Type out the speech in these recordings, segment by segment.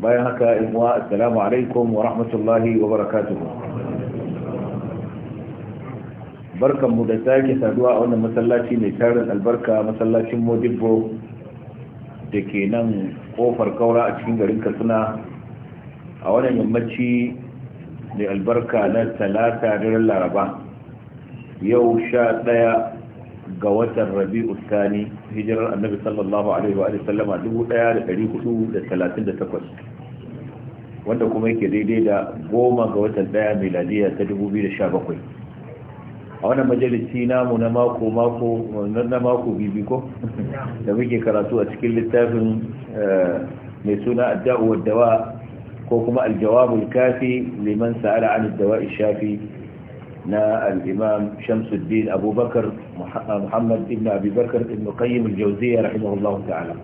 bayan haka imuwa assalamu alaikum wa rahmatullahi wa barakatuhu mu da sake saduwa a wannan masallaci mai tarin albarka masallacin modibo da ke nan kofar kaura a cikin garin katsina a wannan yammaci da albarka na talata da laraba yau sha daya ga watan rabi'u tsani hijirar annabi sallallahu alaihi wa sallama dubu daya da da da dari hudu talatin takwas wanda kuma yake daidai da goma ga watan daya miladiya ta dubu biyu da sha bakwai a wannan majalisi namu na mako mako na mako bibi ko da muke karatu a cikin littafin eh, mai suna adda'u wa dawa ko kuma aljawabul kafi liman sa'ala an dawa'i shafi نا الإمام شمس الدين أبو بكر محمد ابن أبي بكر ابن قيم الجوزية رحمه الله تعالى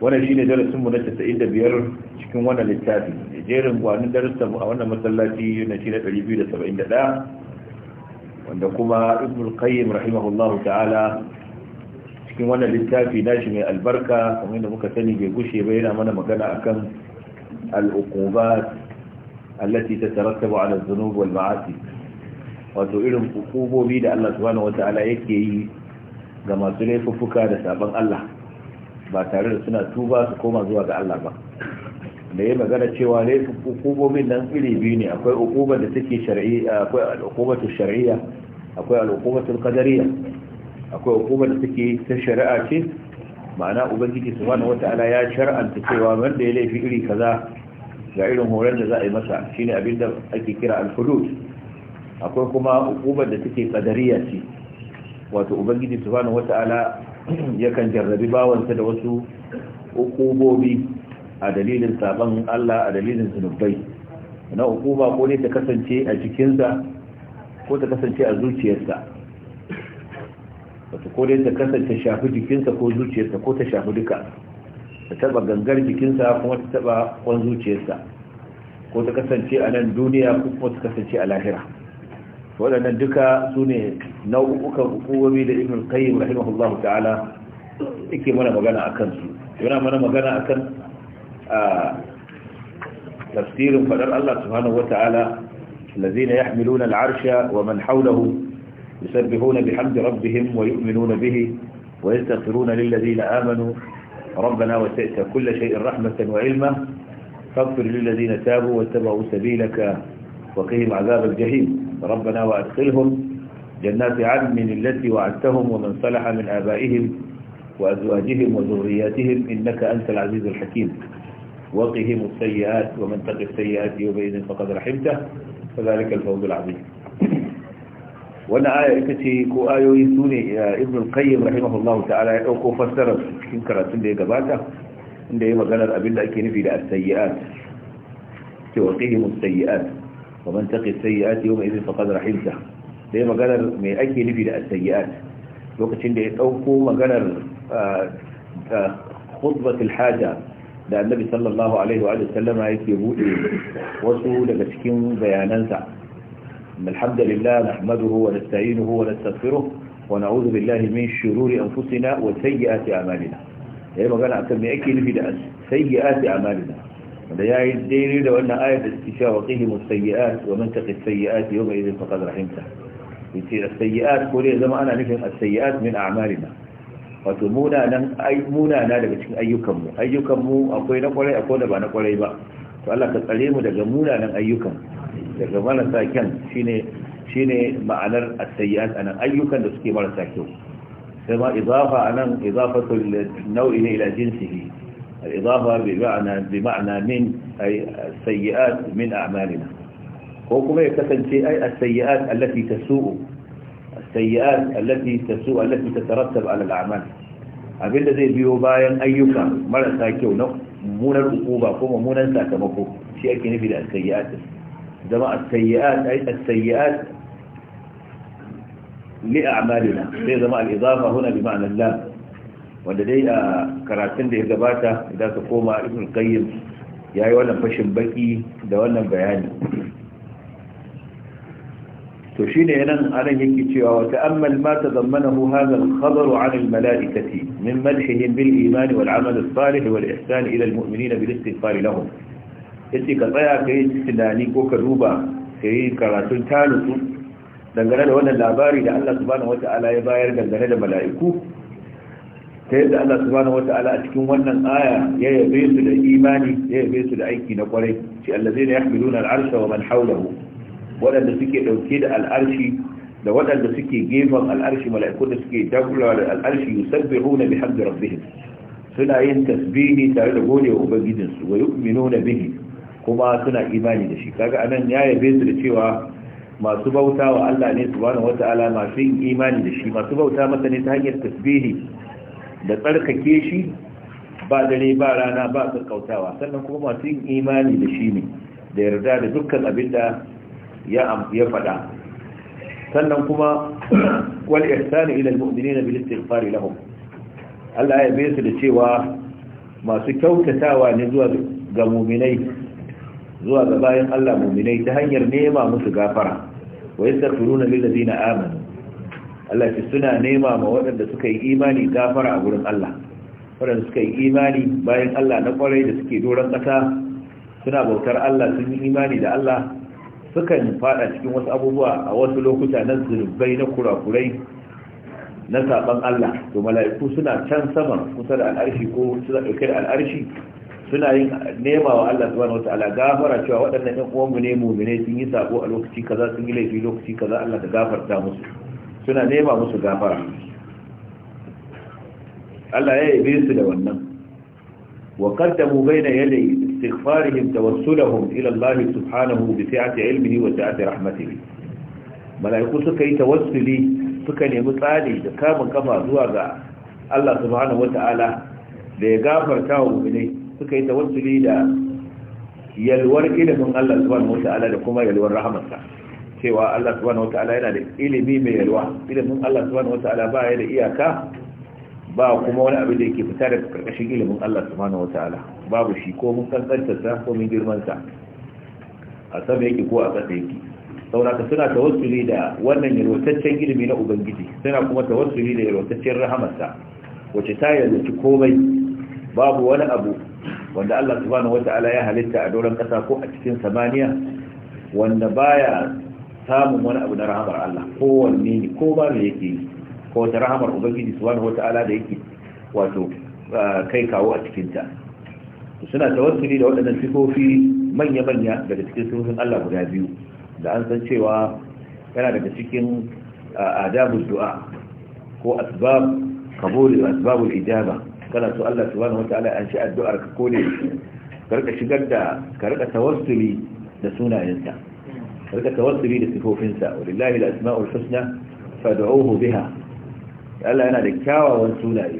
وانا جيني درس سمو نتسا إلا بير شكين وانا للتاتي جيرن وانا درس سمو وانا مسلاتي نتينا فليبي لسبع إلا لا وانا كما ابن القيم رحمه الله تعالى شكين وانا للتاتي ناشم البركة ومين مكتني بيقوشي بينا وانا مكان أكم الأقوبات التي تترتب على الذنوب والمعاسي wato irin hukumomi da Allah subhanahu wata'ala yake yi ga masu laifuffuka da sabon Allah ba tare da suna tuba su koma zuwa ga Allah ba da ya magana cewa hukumomin nan iri biyu ne akwai hukumar da take akwai al'ukumatu shar'iyya akwai al'ukumatu qadariyya akwai hukumar da take ta shari'a ce ma'ana ubangiji subhanahu wata'ala ya shar'anta cewa wanda ya laifi iri kaza ga irin horon da za a yi masa shine abin da ake kira al akwai kuma hukumar da take kadariya ce wato ubangiji subhanahu wata'ala yakan jarrabi bawansa da wasu hukumomi a dalilin saban Allah a dalilin zunubai na hukuma ko ne ta kasance a jikinsa ko ta kasance a zuciyarsa wato ko ne ta kasance shafi jikinsa ko zuciyarsa ko ta shafi duka ta taba gangar jikinsa kuma ta taba kwan zuciyarsa ko ta kasance a nan duniya ko ta kasance a lahira waɗannan duka su ne nau'ukan hukumomi da ibn qayyim rahimahullah ta'ala yake mana magana a kansu yana mana magana a kan tafsirin faɗar Allah subhanahu wa ta'ala الذين يحملون العرش ومن حوله يسبحون بحمد ربهم ويؤمنون به ويستغفرون للذين آمنوا ربنا وسعت كل شيء رحمة وعلما فاغفر للذين تابوا واتبعوا سبيلك وقهم عذاب الجحيم ربنا وأدخلهم جنات عدم التي وعدتهم ومن صلح من آبائهم وأزواجهم وذرياتهم إنك أنت العزيز الحكيم وقهم السيئات ومن تق السيئات يومئذ فقد رحمته فذلك الفوز العظيم وانا آية كتي كو آيو يسوني ابن القيم رحمه الله تعالى اوكو فسرت انكرا سندي قباتا اندي مغنر ابن اكي نفيد السيئات توقيهم السيئات ومن تقي السيئات يومئذ فقد رحمته زي ما قال مي اكي نبي ده السيئات وقت اللي يتوقوا آه، ما آه، قال خطبة الحاجة ده النبي صلى الله عليه وعلى وسلم عايز يقول وصوا لبسكين بيانانسا الحمد لله نحمده ونستعينه ونستغفره ونعوذ بالله من شرور أنفسنا وسيئات أعمالنا يعني ما قال أكمل أكيد في سيئات أعمالنا wanda ya yi daidai da wannan ayar da suke cewa waqihi musayyi'at wa man taqi sayyi'at yawma idhin faqad rahimta yace as-sayyi'at ko dai zama ana nufin as-sayyi'at min a'malina wato munanan ai munana daga cikin ayyukan mu ayyukan mu akwai na kwarai akwai da ba na kwarai ba to Allah ka tsare mu daga munanan ayyukan daga marasa kyan shine shine ma'anar as-sayyi'at anan ayyukan da suke marasa kyau sai ma idafa anan idafatul nau'i ne ila jinsihi الإضافة بمعنى, بمعنى من أي السيئات من أعمالنا وكما يكتن أي السيئات التي تسوء السيئات التي تسوء التي تترتب على الأعمال abin da zai biyo bayan ayyuka marasa kyau na munar ukuba ko mummunan sakamako shi ake nufi da as-sayyi'at zama as-sayyi'at ay as-sayyi'at zama al bi ma'na al wanda dai a karatun da ya gabata idan ka koma ibn qayyim yayi wannan fashin baki da wannan bayani to shine nan anan yake cewa wa ta'ammal ma tadammanahu hadha al-khabaru 'an al-mala'ikati min madhihim bil iman wal 'amal as-salih wal ihsan ila al-mu'minina bil istighfar lahum yace ka tsaya kai tunani ko ka duba kai karatun talusu dangane da wannan labari da Allah subhanahu wata'ala ya bayar dangane da mala'iku ta yadda Allah subhanahu wata'ala a cikin wannan aya ya yabe su da imani ya yabe su da aiki na kwarai shi allazina yahmiluna al'arsha wa man hawlahu waɗanda suke dauke da al'arshi da waɗanda suke gefen al'arshi mala'ikun da suke dabula da al'arshi yusabbihuna bihamdi rabbihim suna yin tasbihi tare da gode wa ubangijinsu wa yu'minuna bihi kuma suna imani da shi kaga anan ya yabe su da cewa masu bauta wa Allah ne subhanahu wata'ala masu imani da shi masu bauta masa ne ta hanyar tasbihi da tsarkake shi ba dare ba rana ba tsarkautawa sannan kuma masu yin imani da shi ne da yarda da dukkan abin da ya faɗa sannan kuma wal ihsani ila almu'minina bil istighfar lahum Allah ya bayyana da cewa masu kyautatawa ne zuwa ga mu'minai zuwa ga bayan Allah mu'minai ta hanyar nema musu gafara wa yastaghfiruna lil ladina amanu Allah ce suna nema ma waɗanda suka yi imani gafara a gurin Allah waɗanda suka yi imani bayan Allah na ƙwarai da suke doron ƙasa suna bautar Allah sun yi imani da Allah sukan faɗa cikin wasu abubuwa a wasu lokuta na zurbai na kurakurai na saɓan Allah to mala'iku suna can sama kusa da al'arshi ko suna ɗauke da al'arshi suna yin nema wa Allah subhanahu ta'ala gafara cewa waɗannan ɗan uwanmu ne mumine sun yi sabo a lokaci kaza sun yi laifi lokaci kaza Allah ka gafarta musu suna nema musu gafara Allah ya yi su da wannan wa qaddamu bayna yaday istighfarihim tawassulahum ila Allah subhanahu bi sa'ati ilmihi wa sa'ati rahmatihi malaiku suka yi tawassuli suka nemi tsari da kamun kafa zuwa ga Allah subhanahu ta'ala, da ya gafarta wa mu'minai suka yi tawassuli da yalwar ilimin Allah subhanahu ta'ala da kuma yalwar rahmatsa cewa Allah subhanahu wata'ala yana da ilimi mai yalwa ilimin Allah subhanahu wata'ala ba ya da iyaka ba kuma wani abu da yake fita da karkashin ilimin Allah subhanahu wata'ala babu shi ko mun kankanta sa ko mun girman sa a sama yake ko a ƙasa yake sauraka suna tawassuli da wannan yalwataccen ilimi na ubangiji suna kuma tawassuli da yalwataccen rahamarsa wacce ta yalwaci komai babu wani abu wanda Allah subhanahu wata'ala ya halitta a doron ƙasa ko a cikin samaniya wanda baya samun wani abu na rahamar Allah kowanne ne ko ba me yake yi ko ta rahamar ubangiji subhanahu wata'ala da yake wato kai kawo a cikin ta suna tawassuli da waɗannan sifofi manya-manya daga cikin sifofin Allah guda biyu da an san cewa yana daga cikin adabul du'a ko asbab kabulul asbabul ijaba kana so Allah subhanahu wata'ala an shi addu'ar ka kone karka shigar da karka tawassuli da sunayensa rika tawassuli da sifofinsa walillahi al-asma'ul husna fad'uhu biha Allah yana da kyawawan sunaye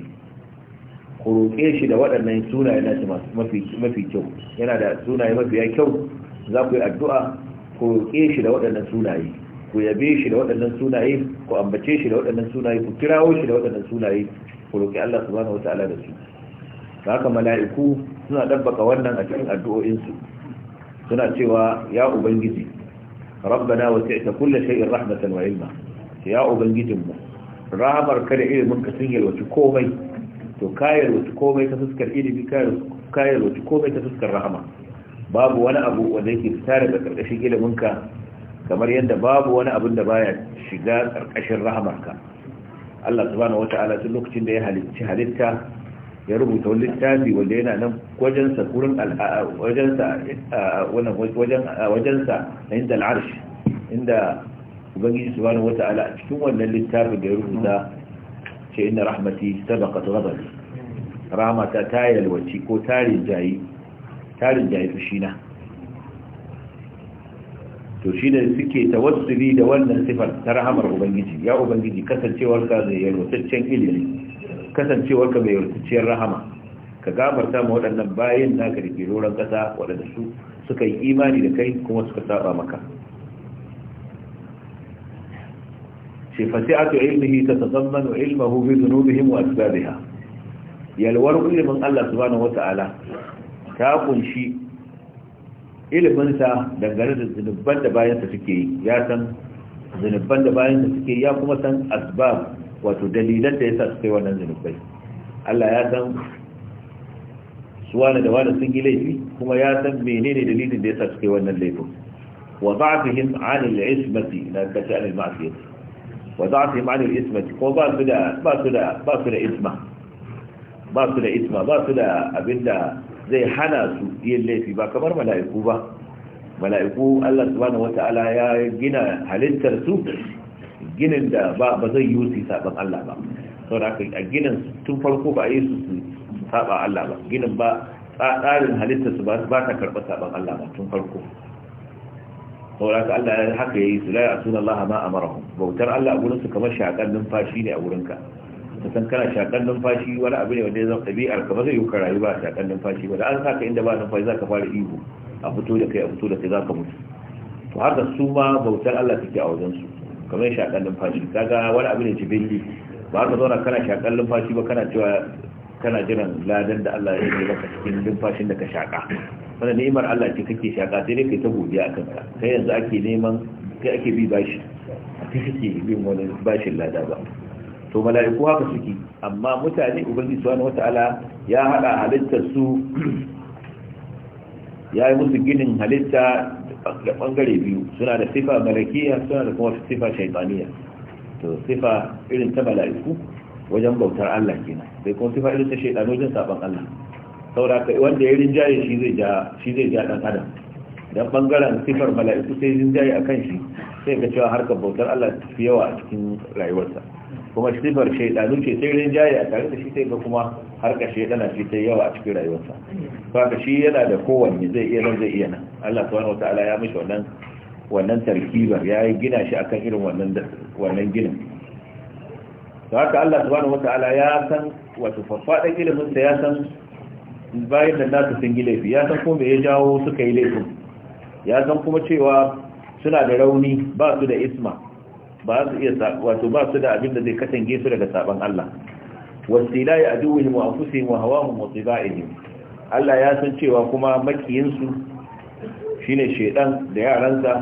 ku roƙe shi da waɗannan sunaye na shi mafi kyau yana da sunaye mafi kyau za ku yi addu'a ku roƙe shi da waɗannan sunaye ku yabe shi da waɗannan sunaye ku ambace shi da waɗannan sunaye ku kirawo shi da waɗannan sunaye ku roƙi Allah subhanahu wata'ala da su haka mala'iku suna dabbaka wannan a cikin addu'o'insu suna cewa ya ubangiji rabbana wasi'ta kulli shay'in rahmatan wa ilma ya ubangijinmu rahamar ka da ilimin ka sun yalwaci komai to ka yalwaci komai ta fuskar ilimi ka yalwaci komai ta fuskar rahama babu wani abu wanda yake fita daga karkashin ilimin kamar yadda babu wani abin da baya shiga karkashin rahamar Allah subhanahu tun lokacin da ya halitta ya rubuta wani littafi wanda yana nan wajensa kurin wajensa na inda al'arsh inda ubangiji bani wata ala cikin wannan littafin da ya rubuta ce inda rahmati ta ghadabi ramata ta yalwaci ko tarin jayi tarin jayi fushina to shi da suke tawassuli da wannan sifar ta rahamar ubangiji ya ubangiji ka zai yalwataccen ilimin kasancewarka mai wartacciyar rahama ka gafarta ma waɗannan bayan na ka rike doron ƙasa waɗanda su suka yi imani da kai kuma suka saba maka ce fasi'atu ilmihi tatadammanu ilmahu bi dhunubihim wa asbabiha yalwar ilimin Allah subhanahu ta'ala ta kunshi iliminsa dangane da zunubban da bayansa suke yi ya san zunubban da bayansa suke ya kuma san asbab wato dalilan da yasa suka yi wannan zunubai Allah ya san su wani da wani sun yi laifi kuma ya san menene dalilin da yasa suka yi wannan laifin wa da'fihim 'an al-ismati la kashi 'an al-ma'siyati wa da'fihim 'an al-ismati ko ba su da ba su da ba su da isma ba su da isma ba su da abinda zai hana su yin laifi ba kamar mala'iku ba mala'iku Allah subhanahu wata'ala ya gina halittar su ginin da ba ba zai yi su saban Allah ba saboda a ginin tun farko ba yi su saba Allah ba ginin ba tsarin halitta su ba ta karɓar saban Allah ba tun farko saboda ka Allah ya haka ya yi su la ya sunan Allah ma a amarahum bautar Allah a gurin su kamar shakan numfashi ne a gurin ka san kana shakan numfashi wani abu ne wanda ya zama ɗabi'ar ka ba zai yi ka rayu ba shakan numfashi ba da an saka inda ba numfashi zaka fara ihu a fito da kai a fito da kai zaka mutu to haka su ma bautar Allah take a wajen su kamar shaƙar numfashi kaga wani abu ne jibilli ba ka zauna kana shaƙar numfashi ba kana cewa kana jiran ladan da Allah ya yi maka cikin numfashin da ka shaƙa wanda ni'imar Allah ce kake shaƙa sai dai kai ta godiya a kanka kai yanzu ake neman kai ake bi bashi a kai kake bin wani bashin lada ba to mala'iku haka suke amma mutane ubangiji subhanahu wata'ala ya hada halittar su ya yi musu ginin halitta da bangare biyu suna da sifa malakiya suna da kuma sifa shaitaniya to sifa irin ta mala'iku wajen bautar Allah kenan sai kuma sifa irin ta shaitani wajen sabon Allah saboda wanda ya rinjaye shi zai ja shi zai ja dan adam dan bangaren sifar mala'iku sai rinjaye akan shi sai ga cewa harkar bautar Allah ta fi yawa a cikin rayuwarsa kuma sifar shaidanu ce sai rinjaye a tare da shi sai ga kuma harka shaidana ce ta yawa a cikin rayuwarsa ba haka shi yana da kowanne zai iya nan zai iya nan Allah subhanahu wataala ya mishi wannan wannan tarkibar ya yi gina shi akan irin wannan wannan ginin to haka Allah subhanahu wataala ya san wato faffaɗan ilimin sa ya san bayan da nasu sun yi laifi ya san ko me ya jawo suka yi laifin ya san kuma cewa suna da rauni ba su da isma ba su iya wato ba su da abin da zai katange su daga saban Allah wasila ya aduwihim wa anfusihim wa hawahum wa tibaihim Allah ya san cewa kuma makiyin su shine shedan da yaransa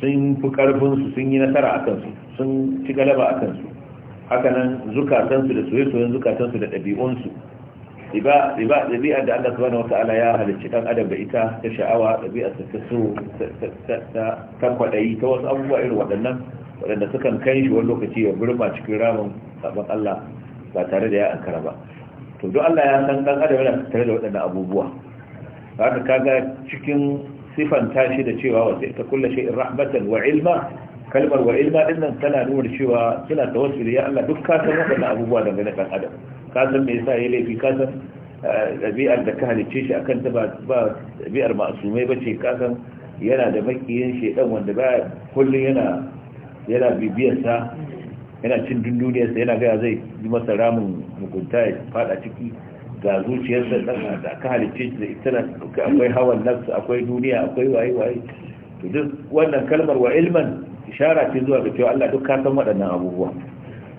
sun fi karfin su sun yi nasara akan su sun ci galaba akan su haka nan zukatan su da soyayyen zukatan su da dabi'un su riba riba dabi'a da Allah subhanahu wataala ya halicci dan adam da ita ta sha'awa dabi'a ta so ta ta ta kwadayi ta wasu abubuwa irin waɗannan waɗanda sukan kai shi wani lokaci ya burma cikin ramin sabon Allah ba tare da ya ankara ba to don Allah ya san dan adam yana tare da waɗannan abubuwa haka kaga cikin sifanta tashi da cewa wata ita kulla shi rahmatan wa ilma kalmar wa ilma din nan tana nuna cewa kina wasu ya Allah duk ka san waɗannan abubuwa dangane dan adam ka san me yasa ya laifi ka san eh, ɗabi'ar da ka halicce shi akan ta ba ɗabi'ar ba ce ka san yana da makiyin shedan wanda ba kullun yana yana bibiyarsa yana cin dunduniyarsa yana gaya zai yi masa ramin mugunta ya fada ciki ga zuciyarsa da aka halice da ita na akwai hawan nasu akwai duniya akwai waye waye to duk wannan kalmar wa ilman ishara ce zuwa ga cewa Allah duk ka san waɗannan abubuwa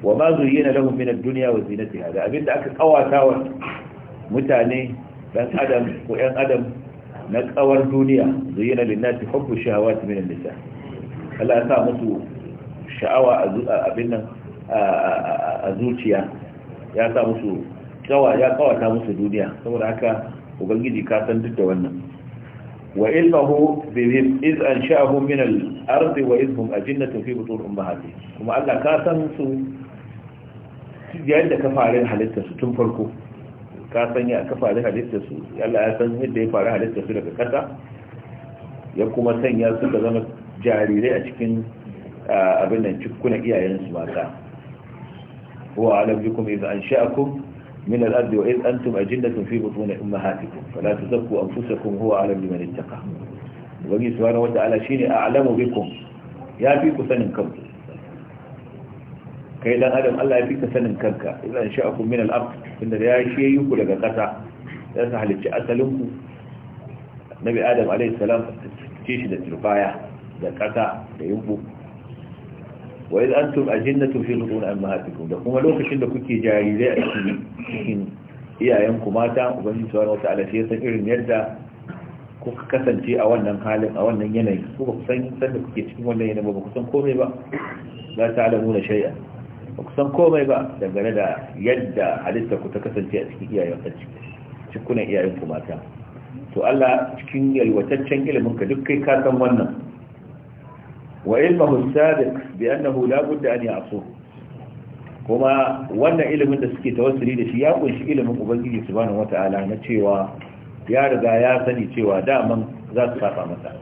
wa ma zuyyina lahum min ad-dunya wa zinatiha da abinda aka kawata wa mutane dan adam ko yan adam na kawar duniya zuyyina lin-nasi hubbu shahawati min an-nisa Allah ya sa musu sha'awa a abin nan a zuciya ya sa musu kawa ya kawata musu duniya saboda haka ubangiji ka san duk da wannan wa ilmahu bihim iz ansha'ahu min al-ardi wa idhum ajinnatun fi butun ummahati kuma Allah ka san su yadda ka fara halitta su tun farko ka san ya ka fara halitta su Allah ya san yadda ya fara halitta su daga kasa ya kuma sanya su ga zama jarirai a cikin abin nan cikkunan iyayensu mata huwa alam bikum idza ansha'akum min al-ard wa id antum ajinnatun fi butun ummahatikum fala tuzakku anfusakum huwa alam liman ittaqa ubangi subhanahu wa ta'ala shine a'lamu bikum ya fi ku sanin kanku kai dan adam Allah ya fi ka sanin kanka idza ansha'akum min al-ard inda ya shiye ku daga kasa ya sa halicci asalinku nabi adam alayhi salam ce shi da turbaya da kasa da yumbu wa iz antum ajinnatun fi butun ummahatikum da kuma lokacin da kuke jarirai a cikin iyayen ku mata ubangiji wa wata'ala sai san irin yadda kuka kasance a wannan halin a wannan yanayi ko ba ku san sanda kuke cikin wannan yanayi ba ku san komai ba la ta'lamu na shay'a ba ku san komai ba dangane da yadda halitta ku ta kasance a cikin iyayen ku cikin iyayen ku mata to Allah cikin yalwataccen ilimin ka duk kai ka san wannan wa ilmuhu sabiq da annahu la budda an ya'su kuma wannan ilimin da suke tawassuli da shi ya kunshi ilimin ubangiji subhanahu wata'ala na cewa ya riga ya sani cewa daman za su saba masa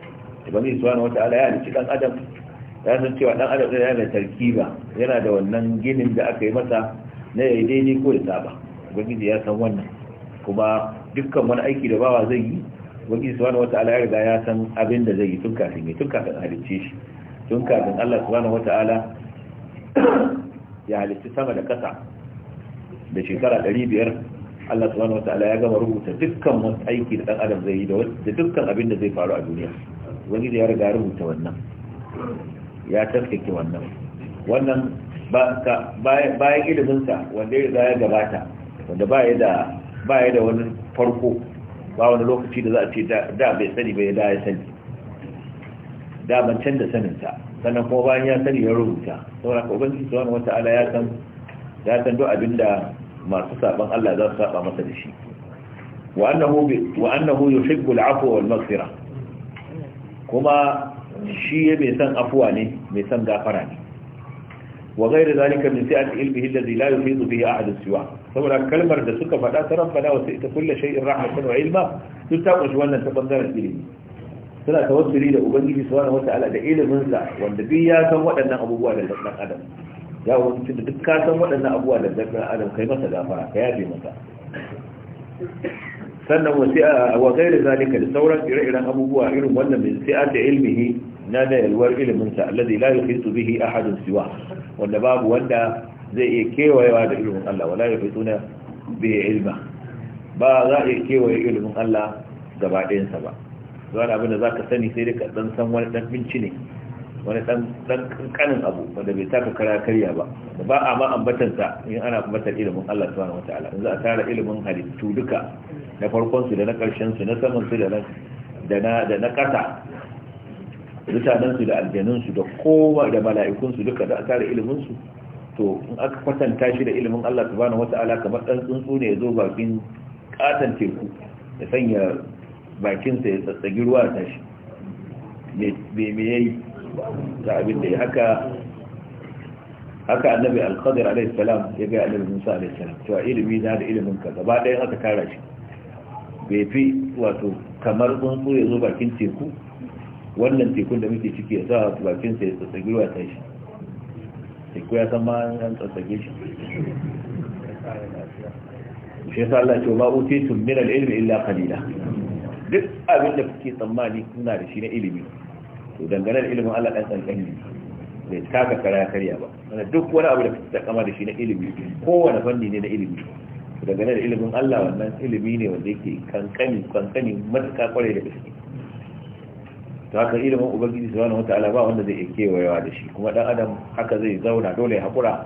ubangiji subhanahu wata'ala ya halicci dan adam ya san cewa dan adam yana da tarkiba yana da wannan ginin da aka yi masa na yayi daidai ko ya saba ubangiji ya san wannan kuma dukkan wani aiki da bawa zai yi ubangiji subhanahu wata'ala ya riga ya san abin da zai yi tun kafin tun kafin halicce shi tun kafin Allah subhanahu wata'ala ya halitta sama da kasa da shekara 500 Allah subhanahu wata'ala ya gama rubuta dukkan aiki da dan adam zai yi da dukkan abin da zai faru a duniya wani da ya riga rubuta wannan ya tafkake wannan wannan bayan iliminsa wanda ya ya gabata wanda ba ya da wani farko ba wani lokaci da za a ce da bai sani bai da ya sani daman can da saninta sannan kuma bayan ya sani ya rubuta saboda ka ubangiji wani wata ala ya san duk abin da masu saban Allah za su saba masa da shi wa annahu wa annahu yuhibbu al-afwa wal kuma shi ya mai san afuwa ne mai san gafara ne wa ghairu zalika min sa'ati ilmihi alladhi la yuhitu a ahad siwa saboda kalmar da suka faɗa ta rabbana wa sa'ita kullu shay'in rahmatan wa ilma duk ta ƙunshi wannan ta ɓangaren ilimi suna tawassuli da ubangiji subhanahu wataala da ilimin sa wanda duk ya san waɗannan abubuwa da dan adam ya wuce da duk ka san waɗannan abubuwa da dan adam kai masa gafara ka yabe masa sannan wasi'a wa gairu zalika da sauran ire-iren abubuwa irin wannan min da ilmihi na da yalwar ilimin sa alladhi la yuhitu bihi ahadun siwa wanda babu wanda zai iya kewayewa da ilimin Allah wala yuhituna bihi ilma ba za a iya kewaye ilimin Allah gaba ɗayansa ba wani abin da za ka sani sai dai ka dan san wani dan binci ne wani dan kankanin abu wanda bai taka kara karya ba ba a ma ambatansa in ana ambatar ilimin Allah subhanahu wataala in za a tara ilimin halittu duka na farkon su da na karshen su na saman su da na da na kasa mutanen su da aljanun su da kowa da mala'ikun su duka da a tara ilimin su to in aka kwatanta shi da ilimin Allah subhanahu wataala kamar dan tsuntsu ne ya zo bakin katan teku ya sanya bakinsa ya tsatsagi ruwa a tashi bai me yayi ta abin da ya haka haka annabi al-qadir alaihi salam ya ga annabi musa alaihi salam cewa ilimi na da ilimin ka gaba ɗaya haka kara shi bai fi wato kamar tsuntsu ya zo bakin teku wannan tekun da muke ciki ya sa bakinsa ya tsatsagi ruwa ta shi teku ya san ma an tsatsage shi shi sa Allah ce ma utitum min al-ilmi illa qalila duk abin da kuke tsammani kuna da shi na ilimi to dangane da ilimin Allah dan tsankani bai taka kara karya ba wanda duk wani abu da kuke takama da shi na ilimi kowane fanni ne na ilimi dangane da ilimin Allah wannan ilimi ne wanda yake kankani kankani matuƙa kwarai da gaske to haka ilimin ubangiji wani wata alaba wanda zai kewayewa da shi kuma dan adam haka zai zauna dole ya hakura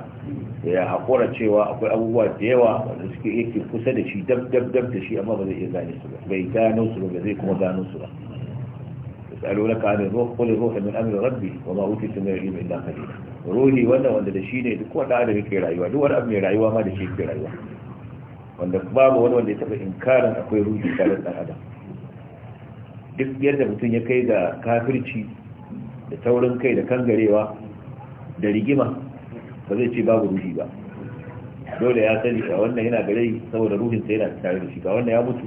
ya haƙura cewa akwai abubuwa da yawa wanda suke yake kusa da shi dab dab dab da shi amma ba zai iya gane su ba bai gano su ba zai kuma gano su ba يسألونك عن الروح قل الروح من أمر ربي وما أوتيت من العلم إلا قليلا روحي وانا وانا da shi ne duk wanda da yake rayuwa duk wani abu mai rayuwa ma da shi yake rayuwa wanda babu wani wanda ya taba inkarin akwai ruhi tare da adam duk yadda mutum ya kai ga kafirci da taurin kai da kangarewa da rigima ba zai ce babu ruhi ba dole ya sani ga wannan yana gare saboda ruhin sai yana tare da shi ga wannan ya mutu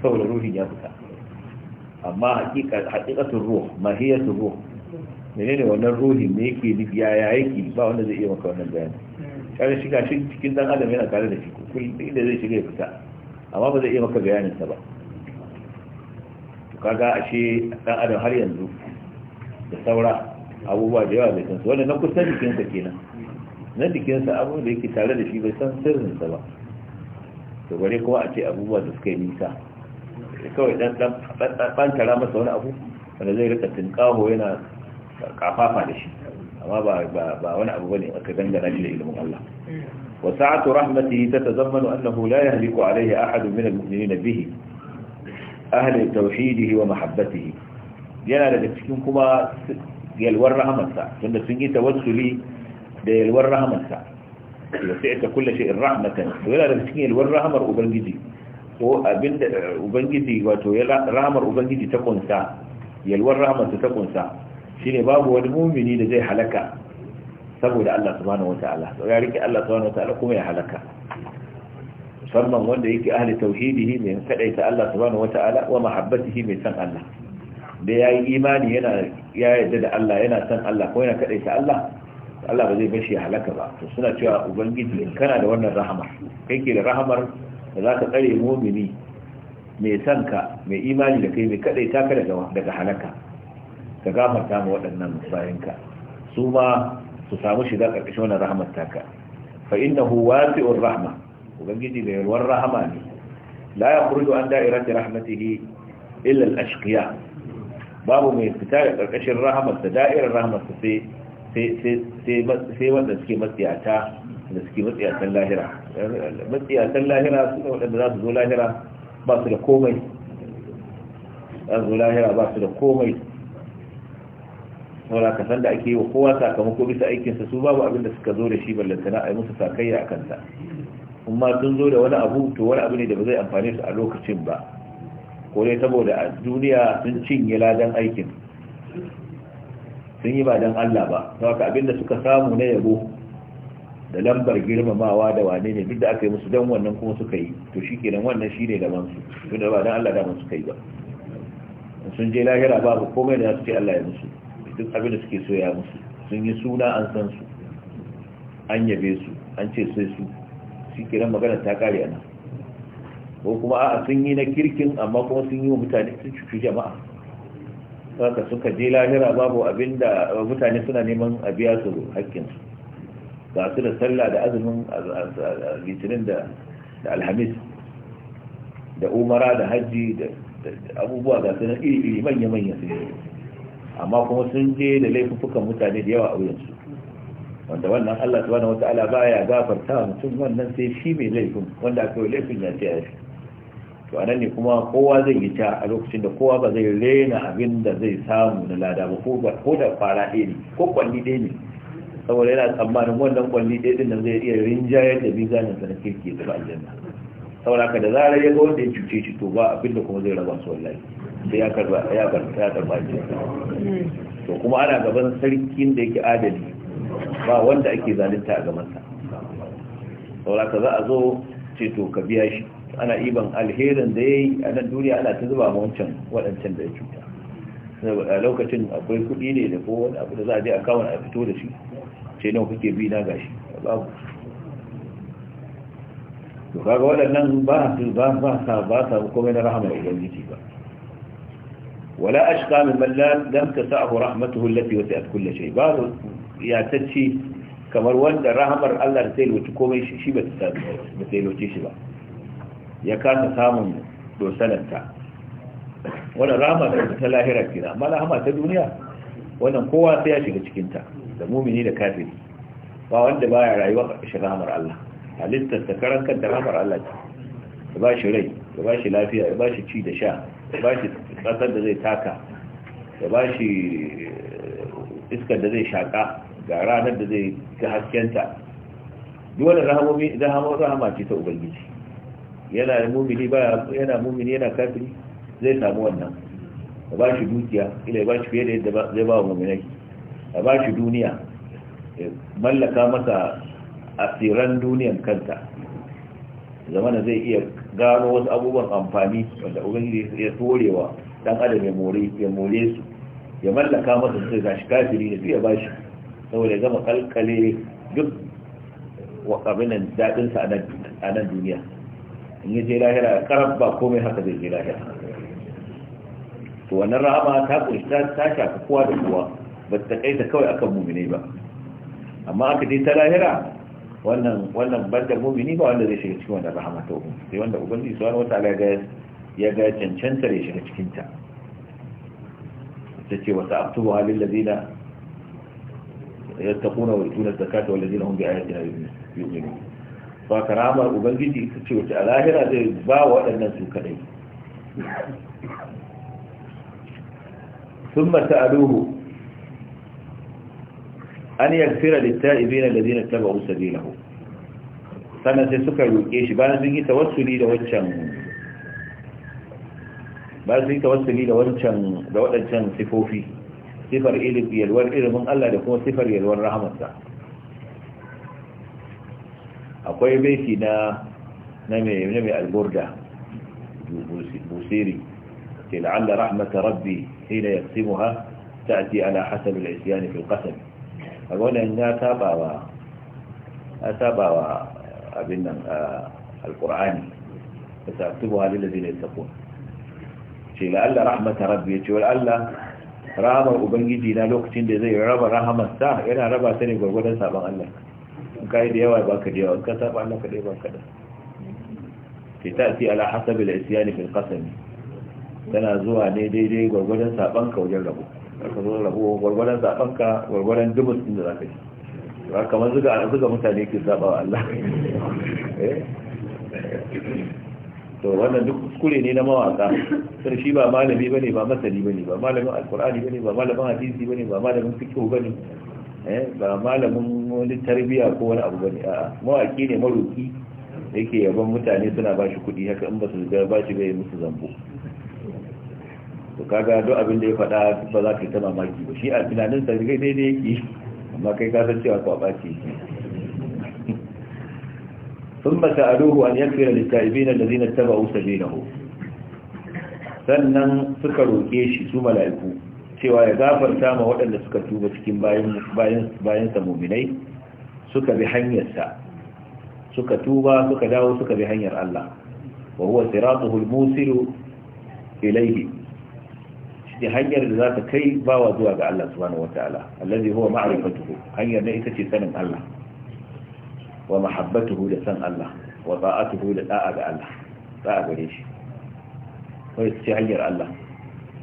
saboda ruhin ya fita amma hakika hakikatun ruh mahiyatun ruh menene wannan ruhi me yake nufi ya yake ba wanda zai iya maka wannan bayan kare shiga cikin dan adam yana tare da shi kullum inda zai shiga ya fita amma ba zai iya maka bayanin sa ba kaga ashe dan adam har yanzu da saura abubuwa da yawa bai san su wanda na kusa jikinsa kenan na jikinsa abu da yake tare da shi bai san sirrinsa ba to gare kuma a ce abubuwa da suka yi nisa kawai dan dan tara masa wani abu wanda zai rika tinkaho yana kafafa da shi amma ba ba wani abu bane aka dangana shi da ilimin Allah wa sa'atu rahmatihi tatazammanu annahu la yahliku alayhi ahadun min al-mu'minina bihi ahli tauhidihi wa mahabbatihi yana daga cikin kuma yalwar rahamarsa tunda sun yi tawassuli da yalwar rahamarsa ya sai ta kulla shi rahmatan to yana daga cikin yalwar rahamar ubangiji ko abinda ubangiji wato rahamar ubangiji ta kunsa yalwar rahamarsa ta kunsa shine babu wani mumini da zai halaka saboda Allah subhanahu wataala ya rike Allah subhanahu wataala kuma ya halaka musamman wanda yake ahli tauhidihi mai ta Allah subhanahu wata'ala wa mahabbatihi mai san Allah da yayi imani yana ya yarda da Allah yana san Allah ko yana kadai ta Allah Allah ba zai bashi ya halaka ba to suna cewa ubangiji kana da wannan rahama kai ke da rahamar da za ka tsare mumini mai san ka mai imani da kai mai kadai ta ka daga daga halaka ka gafarta ma waɗannan bayanka su ma su samu shiga ƙarƙashin wannan rahamar taka fa innahu wasi'ur rahma ubangiji mai yalwar rahama ne la ya kurdu an da rahmatihi illa al-ashqiya babu mai fita da karkashin da da'irar rahamarsa sai sai wanda suke matsiyata da suke matsiyatan lahira matsiyatan lahira su ne waɗanda za su zo lahira ba su da komai za su zo lahira ba su da komai wala ka san da ake yi wa kowa sakamako bisa aikinsa su babu abin da suka zo da shi ballantana a yi musu sakayya a kanta kuma sun zo da wani abu to wani abu ne da ba zai amfane su a lokacin ba ko dai saboda a duniya sun cinye ladan aikin sun yi ba don Allah ba saboda haka abinda suka samu na yabo da lambar girmamawa da wane ne duk da aka yi musu don wannan kuma suka yi to shi kenan wannan shi ne daban su tun da ba don Allah daban suka yi ba sun je lahira babu komai da su ce Allah ya musu duk abin da suke so ya musu sun yi suna an san su an yabe su an ce sai su shi kiran magana ta kare ana ko kuma a sun yi na kirkin amma kuma sun yi wa mutane sun cuci jama'a saka suka je lahira babu abinda mutane suna neman a biya su hakkinsu ga su da sallah da azumin litinin da alhamis da umara da hajji da abubuwa ga su na iri-iri manya-manya su amma kuma sun je da laifukan mutane da yawa a wuyansu wanda wannan Allah subhanahu wata'ala baya gafarta mutum wannan sai shi mai laifin wanda aka yi laifin ya tsaya shi to anan ne kuma kowa zai yi ta a lokacin da kowa ba zai rena abin da zai samu na lada ba ko da fara ɗaya ne ko kwalli ɗaya ne saboda yana tsammanin wannan kwalli ɗaya ɗin nan zai iya rinjayar da mizanin sa na kirki ya zama aljanna saboda haka da zarar ya ga wanda ya cuce shi to ba abin da kuma zai raba su wallahi sai ya karba ya karba ya karba hmm. to kuma ana gaban sarkin da yake adali ba wanda ake zalunta a gabansa sauraka za a zo ce to ka biya shi ana iban alherin da ya yi a nan duniya ana ta zuba ma wancan waɗancan da ya cuta a lokacin akwai kuɗi ne da kowane abu da za a je a kawon a fito da shi ce nan kuke bi na gashi babu to kaga waɗannan ba su ba ba sa ba sa komai na rahama ubangiji ba wala ashqa min man lam tasa'hu rahmatuhu allati wasi'at kulli shay babu ce kamar wanda rahamar Allah da tailoci komai shi ba ta shi ba ya kasa samun dosalanta wannan rahama ta lahira kira amma rahama ta duniya wannan kowa sai ya shiga cikinta da mumini da kafiri ba wanda ba ya rayuwa a rahamar Allah halittar ta karan kanta rahamar Allah ce ba shi rai ya ba shi lafiya ya ba shi ci da sha ya ba shi kasar da zai taka ya ba shi eh, iskar da zai shaƙa. ga ranar da zai ga haskenta duk wannan rahamomi rahama ce ta ubangiji yana mumini ba yana mumini yana kafiri zai samu wannan ya ba shi dukiya ila ya ba shi fiye da yadda zai ba wa muminai ya ba shi duniya ya mallaka masa asiran duniyan kanta zamana zai iya gano wasu abubuwan amfani wanda ubangiji ya torewa dan adam ya more ya more su ya mallaka masa sai shi kafiri ne sai ya bashi saboda zama kalkale duk wa kabinan daɗinsa a nan duniya in yi je lahira karab ba komai haka zai je lahira to wannan rahama ta kunshi ta shafi kowa da kowa ba ta kai ta kawai akan mumini ba amma aka je ta lahira wannan wannan banda mumini ba wanda zai shiga cikin wannan rahama ta uku sai wanda su wani wata ga ya ga cancantar ya shiga cikin ta ce wa sa'tubu halil ladina yattaquna wa yutuna zakata wal ladina hum bi ayatina yu'minun ba karamar ubangiji ita ce wace a lahira zai ba waɗannan su kadai ثم سألوه أن يغفر للتائبين الذين اتبعوا سبيله sannan sai suka roƙe shi bayan sun yi tawassuli da waccan bayan sun da wancan da waɗancan sifofi صفر إلي في الوال إلي هم ألا لكم صفر يلوال رحمة أقوي بيتنا نمي نمي البردة بوسيري لعل رحمة ربي حين يقسمها تأتي على حسب العسيان في القسم أقول إن أتابع و... أتابع أبنى القرآن فسأكتبها للذين يتقون لعل رحمة ربي لعل rahamar ubangiji na lokacin da zai raba rahamar sa yana raba ta ne gwargwadon saban Allah in ka yi da yawa ba ka da yawa in ka saba Allah kaɗai ba da ke ta fi ala hasabi da isiyani fil kasami tana zuwa ne daidai gwargwadon saban ka wajen rabo ka zo rabo gwargwadon saban ka gwargwadon dubus din da za ka yi kamar zuga mutane ke saba wa Allah eh? to wannan duk kuskure ne na mawaka sai shi ba malami bane ba masani bane ba malamin alqur'ani bane ba malamin hadisi bane ba malamin fiqh bane eh ba malamin wani tarbiya ko wani abu bane a'a mawaki ne maruki yake yaban mutane suna ba shi kuɗi haka in ba su ga ba shi bai musu zambo to kaga duk abin da ya faɗa ba za ka ta mamaki ba shi a tunanin sa daidai yake amma kai ka san cewa kwaba ce thumma sa'aluhu an yaghfira lit-ta'ibin allazina tabau sabilahu sannan suka roke shi su mala'iku cewa ya gafar sama waɗanda suka tuba cikin bayan samominai suka bi hanyarsa suka tuba suka dawo suka bi hanyar Allah wa huwa siratuhu al-musilu ilayhi shi hanyar da za ta kai bawa zuwa ga Allah subhanahu wataala allazi huwa ma'rifatuhu hanyar ne ita ce sanin Allah wa mahabbatuhu da san Allah wa ta'atuhu da da'a ga Allah da'a gare shi wai ce hanyar Allah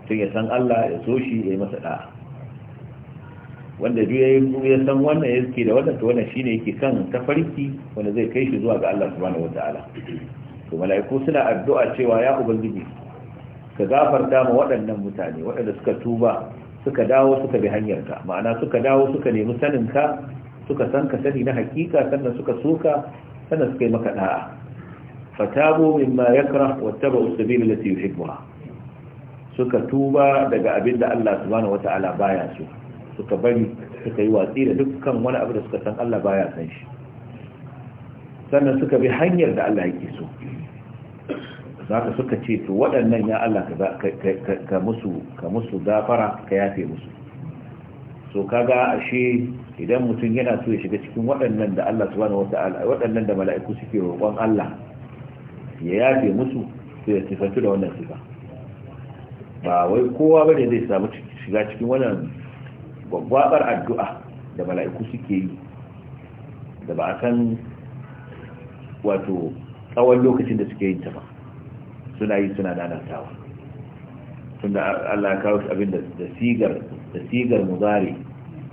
tun ya san Allah ya so shi ya yi masa da'a wanda duk ya san wannan ya ke da wannan to wannan shine yake kan tafarki wanda zai kai shi zuwa ga Allah subhanahu wataala to mala'iku suna addu'a cewa ya ubangiji ka gafarta ma waɗannan mutane waɗanda suka tuba suka dawo suka bi hanyarka ma'ana suka dawo suka nemi saninka suka san ka sani na hakika sannan suka suka sannan suka yi maka da'a fatabu mimma yakrah wattaba usabil allati yuhibbuha suka tuba daga abin da Allah subhanahu wata'ala baya so suka bari suka yi watsi da dukkan wani abu da suka san Allah baya san shi sannan suka bi hanyar da Allah yake so zaka suka ce to waɗannan ya Allah ka musu ka musu gafara ka yafe musu so kaga ashe idan mutum yana so ya shiga cikin waɗannan da Allah subhanahu wata'ala waɗannan da mala'iku suke roƙon Allah ya yafe musu to ya sifantu da wannan sifa ba wai kowa bane zai samu shiga cikin wannan gwaggwabar addu'a da mala'iku suke yi da ba a san wato tsawon lokacin da suke yin ta ba suna yi suna nanatawa tunda Allah ya kawo abin da sigar da sigar muzari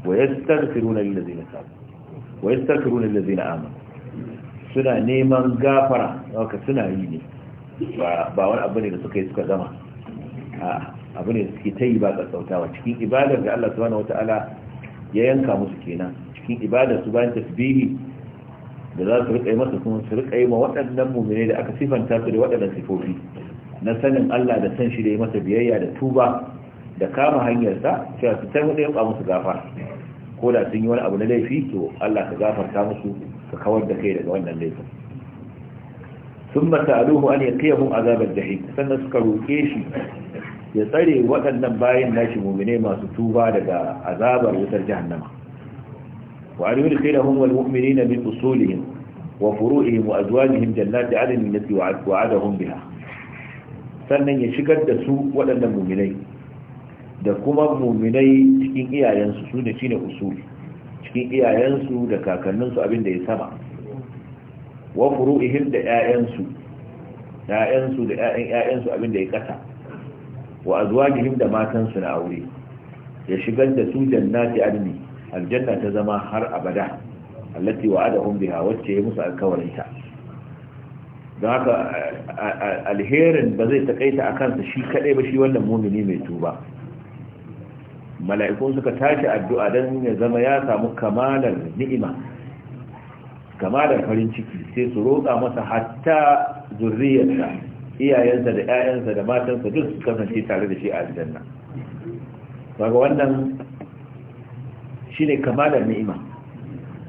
wa yastaghfiruna lil ladzina tabu wa yastaghfiruna lil ladzina amanu suna neman gafara haka suna yi ne ba wani abu ne da suka yi suka zama abu ne da suke ta yi ba tsautsautawa cikin ibadar da Allah ya yanka musu kenan cikin ibadar su bayan tasbihi da za su riƙa masa kuma su riƙa yi waɗannan mumine da aka sifanta da waɗannan sifofi na sanin Allah da san shi da masa biyayya da tuba da kama hanyarsa cewa su tafi da yanka musu gafara ko da sun yi wani abu na laifi to Allah ka gafarta musu ka kawar da kai daga wannan laifin sun mata aluhu an ya yaqiyahu azabar jahim sannan suka roƙe shi ya tsare waɗannan bayan nashi mumine masu tuba daga azabar wutar jahannama wa an yudkhilahum wal mu'minina min usulihim wa furu'ihim wa azwajihim jannati 'adnin allati wa'adahum biha sannan ya shigar da su waɗannan muminai da kuma muminai cikin iyayensu su ne shine usul cikin iyayensu da kakanninsu abin da ya sama wa furu'ihim da ƴaƴansu ƴaƴansu da ƴaƴan ƴaƴansu abin ya kasa wa azwajihim da matansu na aure ya shigar da su jannati adni aljanna ta zama har abada allati wa'adahum biha wacce ya musu alkawarin ta don haka alherin ba zai takaita a kansa shi kadai ba shi wannan mumini mai tuba mala'ikun suka tashi addu'a don ya zama ya samu kamalar ni'ima kamalar farin ciki sai su roƙa masa hatta zurriyarsa iyayensa da 'ya'yansa da matansa duk su kasance tare da shi a aljanna daga wannan shi ne kamalar ni'ima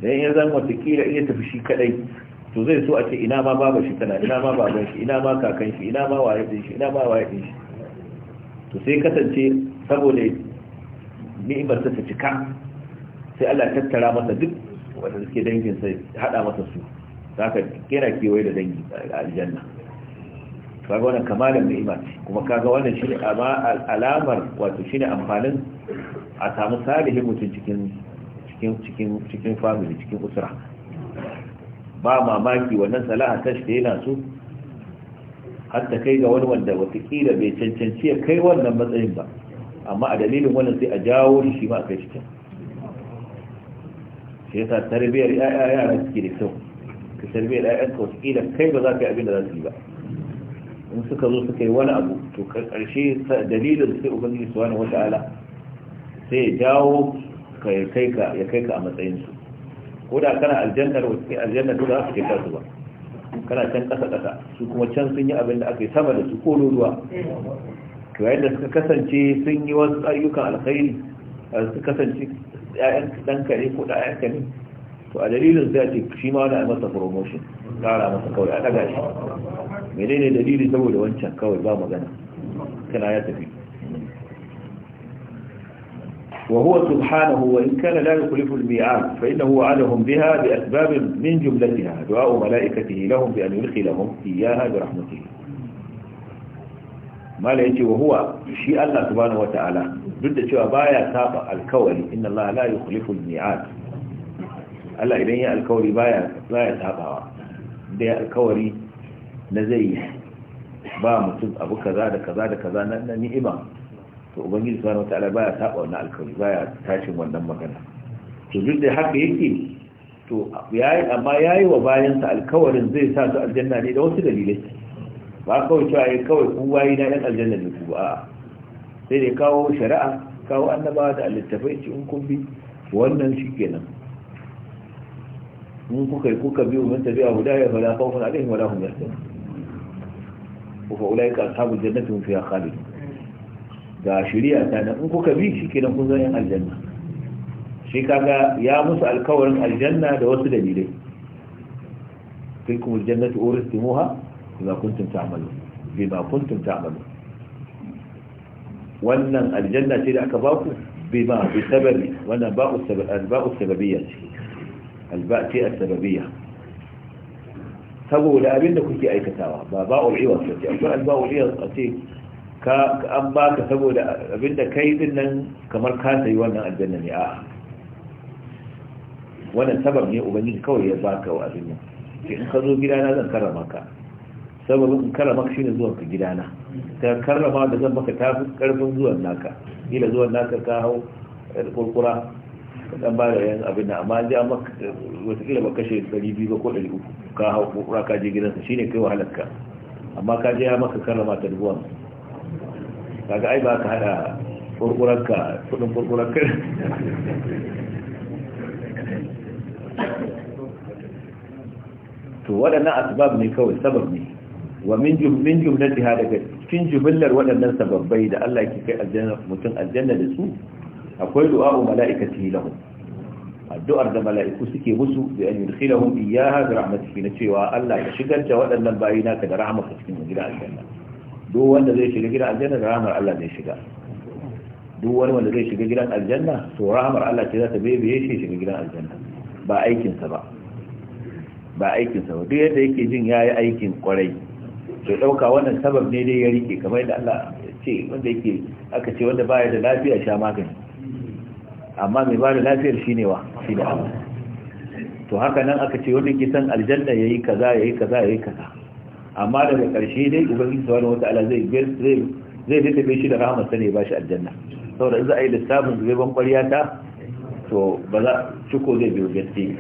don yin zan watakila iya tafi shi kadai to zai so a ce ina ma baba shi tana ina ma baban shi ina ma kakan shi ina ma waye din shi ina ma waye din shi to sai kasance saboda ni'imar ta cika sai Allah tattara masa duk wanda suke dangin sai hada masa su zaka kera kewaye da dangi a aljanna kaga wannan kamalin ni'ima ce kuma kaga wannan shine alamar wato shine amfanin a samu salihin mutum cikin cikin cikin cikin family cikin usra ba mamaki wannan salaha ta shi yana su har ta kai ga wani wanda watakila bai cancanci ya kai wannan matsayin ba amma a dalilin wannan sai a jawo shi shi ma a kai cikin shi yasa tarbiyyar ya'ya yara suke da kyau ka tarbiyyar ya'yan ka wasu kai ba za ka yi abin da za su yi ba in suka zo suka yi wani abu to karshe dalilin sai ubangiji su wani ala sai ya jawo ya kai ka a matsayinsu ko da kana aljannar wasu aljannar duka za su kai kasu ba kana can kasa kasa su kuma can sun yi abin da aka yi sama da su ko ruwa to yayin da suka kasance sun yi wasu ayyukan alkhairi suka kasance ɗayan ɗanka ne ko ɗayanka ne to a dalilin sai a ce shi ma wani a masa promotion ƙara masa kawai a ɗaga shi mene ne dalili saboda wancan kawai ba magana kana ya tafi wa wa huwa subhanahu in kana la وهو miad fa innahu wa'adahum biha bi فإنه min jumlatiha du'a malaikatihi lahum bi an yulqi lahum يدخلهم bi rahmatihi mala yace wa huwa shi Allah subhanahu wataala duk da cewa baya saba alkawari inna Allah la yukhlifu al-mi'ad Allah idan ya alkawari baya baya sabawa da ya alkawari na zai ba mutum abu kaza da kaza da kaza na ni'ima to ubangiji subhanahu wataala baya saba wannan alkawari baya tashin wannan magana to duk da haka yake to yayi amma yayi wa bayansa alkawarin zai sa su aljanna ne da wasu dalilai ba kawai cewa ya kawai kun wayi na yan aljanna ne ku ba sai dai kawo shari'a kawo annabawa da littafai cikin kunbi wannan shi kenan in kuka yi kuka biyu mun ya fara kawo khawfun alaihim wala hum yahzanun ku fa ulaika ashabul jannati hum fiya khalidun ga shari'a ta nan in kuka bi shi kenan kun zan yan aljanna shi kaga ya musu alkawarin aljanna da wasu dalilai tilkum jannatu uristumuha bima kuntum ta'malu bima kuntum ta'malu wannan aljanna ce da aka ba ku bima bi sababi wannan ba'u sabab alba'u sababiyya ce alba ce sababiyya saboda abinda kuke aikatawa ba ba'ul iwas ce akwai alba'ul iwas ce ka an baka saboda abinda kai din nan kamar ka sayi wannan aljanna ne a wannan sabab ne ubangiji kawai ya baka wa abin nan in ka zo gida na zan karrama ka sababin in karrama ka shine zuwan ka gidana ta karrama da zan maka tafi karfin zuwan naka kila zuwan naka ka hau eh, kurkura dan ba da yan abin da amma ji amma kila ba kashe 200 ba ko 300 ka hau kurkura ka je gidansa shine kai wahalar ka amma ka je ya maka karrama ta dubuwan kaga ai ba ka hada kurkuran ka kudin kurkuran ka to waɗannan asbab ne kawai sabab ne wa min jumlin jumlatiha daga cikin jubillar waɗannan sababbai da Allah ke kai aljanna mutum aljanna da su akwai du'a'u mala'ikati lahu addu'ar da mala'iku suke musu bi an yudkhilahum iyyaha bi rahmatihi na cewa Allah ka shigar da waɗannan bayi naka da rahama rahmatka cikin gidan aljanna duk wanda zai shiga gidan aljanna da rahmar Allah zai shiga duk wani wanda zai shiga gidan aljanna to rahmar Allah ce za ta bebe shi shiga gidan aljanna ba aikinsa ba ba aikinsa ba duk yadda yake jin yayi aikin kwarai to dauka wannan sabab ne dai ya rike kamar yadda Allah ya ce wanda yake aka ce wanda baya da lafiya sha magani amma mai ba da lafiyar shine wa shi da Allah to haka nan aka ce wanda yake san aljanna yayi kaza yayi kaza yayi kaza amma daga karshe dai ubangiji subhanahu wataala zai zai zai bai shi da rahama ne ba shi aljanna saboda in za a yi lissafin zai ban kwariya ta to ba za ciko zai biyo gaske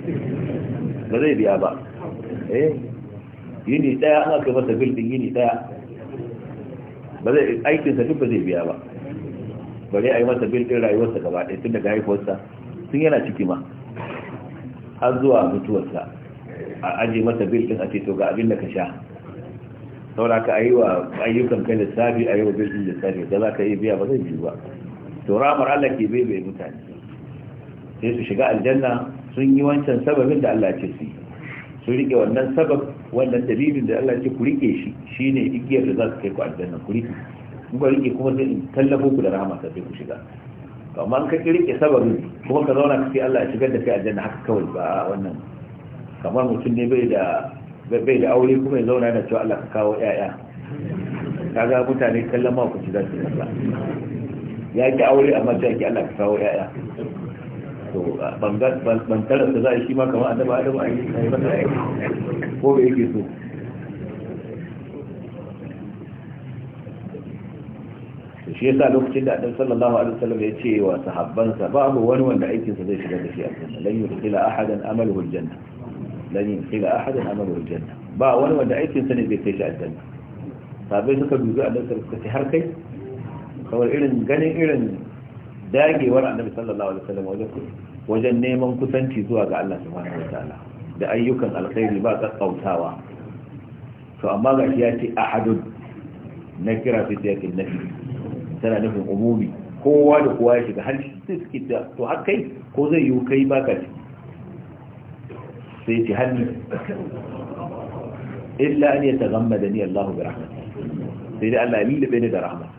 ba zai biya ba eh yini daya ana kai masa bil yini daya ba zai aikin sa duk ba zai biya ba bare a yi masa bil rayuwarsa gaba ɗaya tun daga haihuwarsa tun yana ciki ma har zuwa mutuwarsa a aje masa bil a ce to ga abin da ka sha saboda ka ayi wa ayyukan kai lissafi a yau wa da sabi lissafi da za ka yi biya ba zai biyu ba to ramar Allah ke bai bai mutane sai su shiga aljanna sun yi wancan sababin da Allah ce su sun rike wannan sabab wannan dalilin da Allah ya ce ku rike shi shine igiyar da za ta kai ku aljanna ku rike in ba rike kuma sai in tallafo ku da rahama sai ku shiga to amma an kai rike sabari kuma ka zauna ka ce Allah ya shigar da kai aljanna haka kawai ba wannan kamar mutum ne bai da bai da aure kuma ya zauna yana cewa Allah ka kawo yaya kaga mutane kallon ma ku ci za su ya ki aure amma sai ki Allah ka kawo yaya to bantarar da za a yi shi ma kamar adaba adama a yi ko bai yake so shi yasa lokacin da annabi sallallahu alaihi wasallam ya ce wa sahabbansa babu wani wanda aikin sa zai shiga da shi a aljanna lan yudkhila ahadan amaluhu aljanna lan yudkhila ahadan amaluhu aljanna ba wani wanda aikin sa ne zai kai shi aljanna sabai suka dubi annabi sallallahu alaihi har kai kawai irin ganin irin dagewar annabi sallallahu alaihi wasallam wajen wajen neman kusanci zuwa ga Allah subhanahu wataala da ayyukan alkhairi ba ka kautawa to amma ga shi ya ce ahadud na kira fi siyakin nafi tana nufin umumi kowa da kowa ya shiga har shi suke da to har kai ko zai yi kai ba ka sai ce hannu illa an yata gamma da ni Allah bi rahmatu sai dai Allah ya lullube ni da rahmatu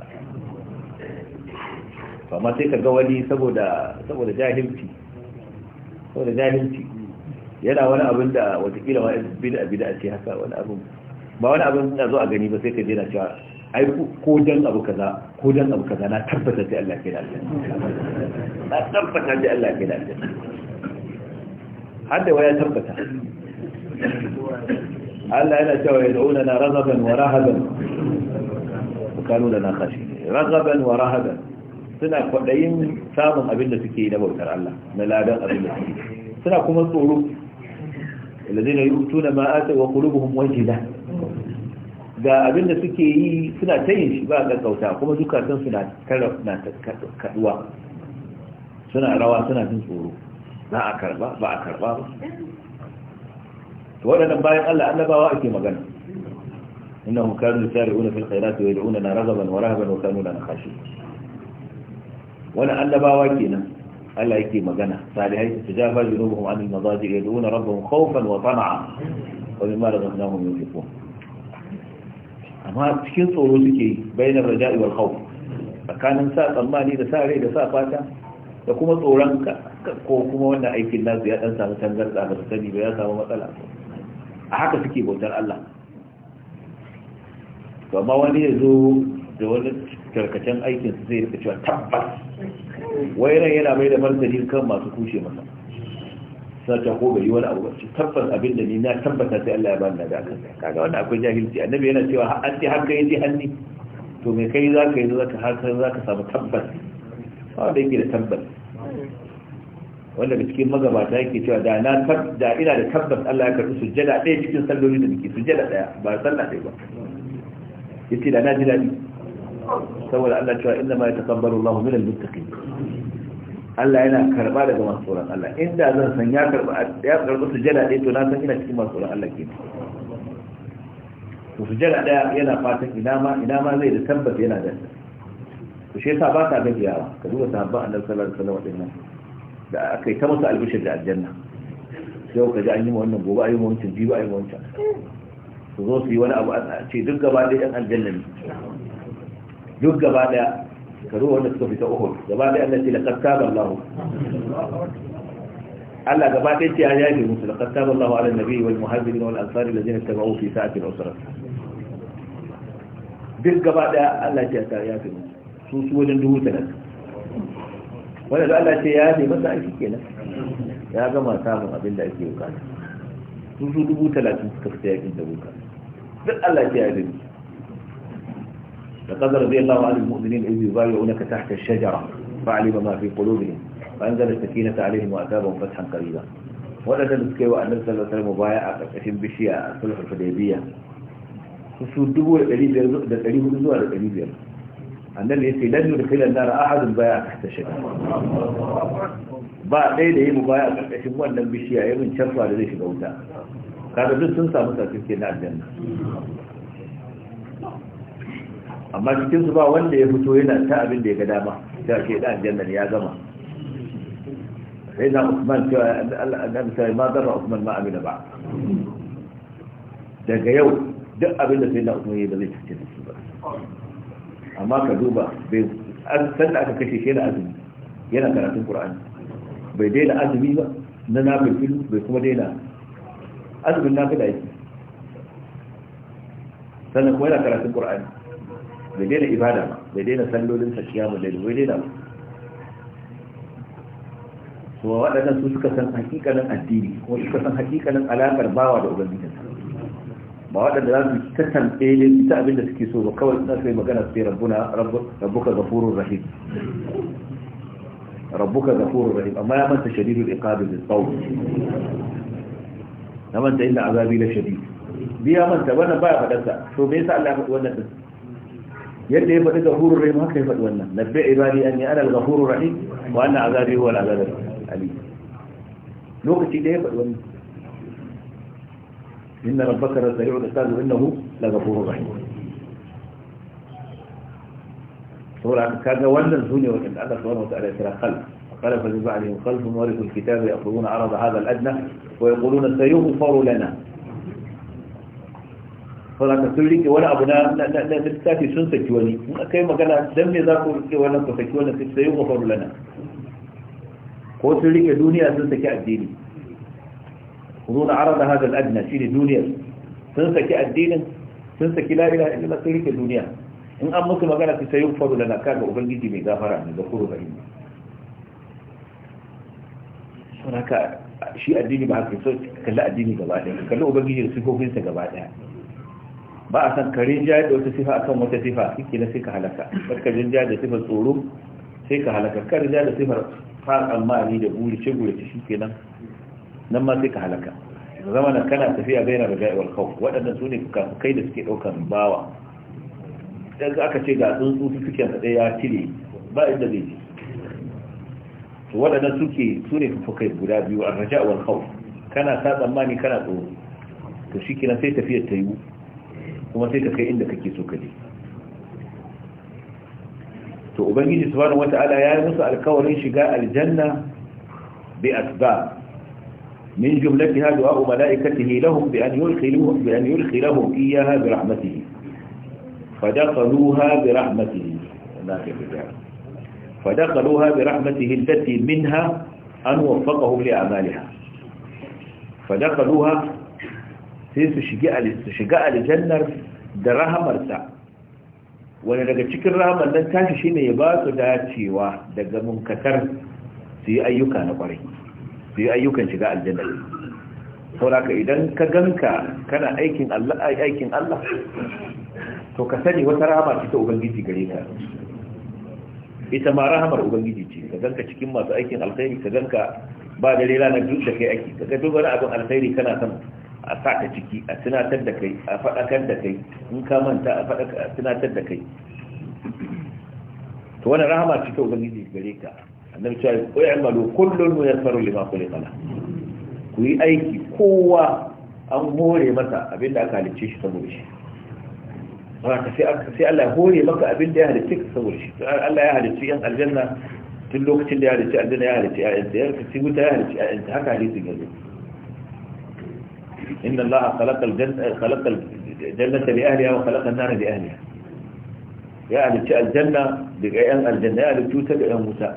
amma sai ka ga wani saboda saboda jahilci saboda jahilci yana wani abin da watakila wani bida bida ce haka wani abin ba wani abin da zo a gani ba sai ka je cewa ai ko dan abu kaza ko dan abu kaza na tabbata sai Allah ke da na tabbata sai Allah ke da aljanna har da waya tabbata Allah yana cewa ya da'una na ragaban wa rahaban kanu khashi wa rahaban suna kwaɗayin samun abin da suke na bautar Allah na ladan abin da suke suna kuma tsoro na yi ma'ata wa kulubu hun wani وجلة ga abin da suke yi suna ta yin shi ba a kauta kuma sun suna na kaduwa suna rawa suna jin tsoro za a karba ba a karɓa ba to waɗannan bayan Allah annabawa ake magana innahum kanu yusari'una fil khairati wa yad'una raghaban wa rahaban wa kanu lana khashi'in wani annabawa kenan Allah yake magana salihai su jafa junubuhum anil mazaji yad'una rabbahum khawfan wa tama'a wa mimma razaqnahum yunfiqun amma cikin tsoro suke bainar raja'i wal khawf tsakanin sa tsammani da sa rai da sa fata da kuma tsoron ko kuma wannan aikin nasu ya dan samu tangarda ba su sani ba ya samu matsala a haka suke bautar Allah to amma wani ya zo da wani tarkacen aikinsu zai rika cewa tabbas Wai ran yana mai da martani kan masu kushe masa sace ko bai yi wani abu ci tabbas abin da ni na tabbata sai Allah ya bani na da akan kaga wannan akwai jahilci annabi yana cewa an har kai ji hanni to me kai zaka yi zaka haka zaka samu tabbas ba da yake da tabbas wanda da cikin magabata yake cewa da na da ina da tabbas Allah ya karbi sujjada ɗaya cikin salloli da nake sujjada ɗaya ba sallah ɗaya ba yace da na ji dadi saboda Allah cewa inda ma ya takabbaru Allah min al-muttaqin Allah yana karba daga masu tsoron Allah inda zan san ya karba ya karba sujada dai to na san ina cikin masu tsoron Allah ke to sujada daya yana fatan ina ma ina ma zai da tabbata yana da to shi yasa ba ka gajiyawa ka duba sahabban Annabi sallallahu alaihi wasallam dinnan da akai ta musu albishir da aljanna yau ka ji an yi ma wannan gobe a yi ma wancan jibi a yi ma wancan su zo su yi wani abu a ce duk gaba ɗaya ɗan aljanna ne duk gaba daya shekaru wanda suka fita uhud gaba daya Allah ce laqad taba Allah Allah gaba daya ce ya yi musu laqad taba Allah ala nabi wal muhajirin wal ansari alladhina tabi'u fi sa'ati al usra duk gaba daya Allah ce ya yi musu su su wajen duhu ta nan wanda da Allah ce ya yi masa aiki kenan ya gama samun abin da ake bukata su su dubu talatin suka fita yakin da bukata duk Allah ce ya yi musu لقد رضي الله عن المؤمنين إذ يبايعونك تحت الشجرة فعلم ما في قلوبهم فأنزل السكينة عليهم وأتابهم فتحا قريبا ولد نسكي وأن نسأل وسلم مبايعة أشم بشياء الصلح الفديبية فسودبوا الأليب يرزق ذات أليب نزوع الأليب يرزق أن الذي لن يدخل النار أحد مبايعة تحت الشجرة بعد ذلك هي مبايعة أشموا أن بشياء من شرطة لديش بوتا هذا بس تنسى مسأل تنسى نعجل amma cikinsu ba wanda ya fito yana ta abin da ya ga dama da ke da aljanna ya zama sai na Usman cewa annabi sai ma zarra Usman ma amina ba daga yau duk abin da sai na Usman ya ba zai cuce da ba amma ka duba bai san da aka kashe shi da azumi yana karatun Qur'ani bai daina azumi ba na nafil bai kuma daina azumin nafila yake sannan kuma yana karatun Qur'ani bai daina ibada ba bai daina sallolin sa mu da bai daina ba to waɗannan su suka san hakikanin addini kuma suka san hakikanin alakar bawa da ubangijin ba waɗanda za su ta ne ta abin da suke so ba kawai suna sai magana su yi rabbuna rabbuka ghafurur rahim rabbuka ghafurur rahim amma ya manta shadidul iqabi bil qawl ya manta inda azabi la shadid biya manta wannan baya fadarsa to me yasa Allah ya faɗi wannan yadda ya faɗi gafurur rahim haka ya faɗi wannan nabbi ibadi anni ana al-ghafurur rahim wa anna azabi huwa al-azab alim lokaci da ya faɗi wannan inna rabbaka lasari'ul iqab wa innahu laghafurur rahim saboda kaga wannan sune wanda Allah subhanahu wa ta'ala ya kira khalq خلف من بعدهم خلف ورثوا الكتاب يأخذون عرض هذا الأدنى ويقولون سيغفر لنا saboda sun rike wani abu na na littafi sun saki wani in aka yi magana dan me za ku rike wannan ku saki wannan sai yin gafaru lana ko sun rike duniya sun saki addini hudun arada hada al-adna shine duniya sun saki addinin sun saki la ilaha illallah sun rike duniya in an musu magana sai yin faru lana kaga ubangiji mai gafara ne gafuru rahim saboda shi addini ba haka sai kalla addini gaba ɗaya kalla ubangiji da sifofinsa gaba ɗaya ba a san karin jihar da wata sifa akan wata sifa kike na sai ka halaka barka jin jihar da sifar tsoro sai ka halaka karin jihar da sifar fa'an mali da buri, gurice shi ke nan nan ma sai ka halaka zama na kana tafiya bayan raja'i wal khawf waɗannan sune kai da suke ɗaukar bawa dan aka ce ga tsuntsu suke da ya cire ba inda zai ji to waɗannan suke sune fufukai guda biyu a raja wal khawf kana sa tsammani kana tsoro to shikenan sai tafiyar ta yi kuma sai ka kai inda kake so ka je to ubangiji subhanahu wata'ala ya yi musu alkawarin shiga aljanna bi asba min jumlatiha du'a malaikatihi lahum bi an yulkhilu bi an yulkhilu iyaha bi rahmatihi fadakhaluha bi rahmatihi fadakhaluha bi rahmatihi allati minha an waffaqahum li a'maliha fadakhaluha sai su shiga aljannar da rahamarsa wani daga cikin rahamar nan tashi shine ya ba su dacewa daga munkatar su yi ayyuka na kwarai su yi ayyukan shiga aljanna sauraka idan ka ganka kana aikin Allah aikin Allah to ka sani wata rahama ce ta ubangiji gare ka ita ma rahamar ubangiji ce ka ganka cikin masu aikin alkhairi ka ganka ba da na duk da kai aiki ka ga duk wani abin alkhairi kana son a sa ciki a tunatar da kai a faɗakar da kai in ka manta a tunatar da kai to wani rahama ce ta ubangiji gare ka annabi cewa ko ya malo kullun mu yasaru lima khuliqa kala ku yi aiki kowa an hore masa abinda aka halicce shi saboda shi ba ka sai Allah ya hore maka abinda ya halicce ka saboda shi Allah ya halicce yan aljanna tun lokacin da ya halicce aljanna ya halicce 'ya'yanta. ta ya halicce wuta ya halicce 'ya'yanta, ta haka hadisin yanzu inna allaha khalaqa al-jannata khalaqa al-jannata li ahliha wa ya halicci aljanna daga yan aljanna ya halicci ta da yan wuta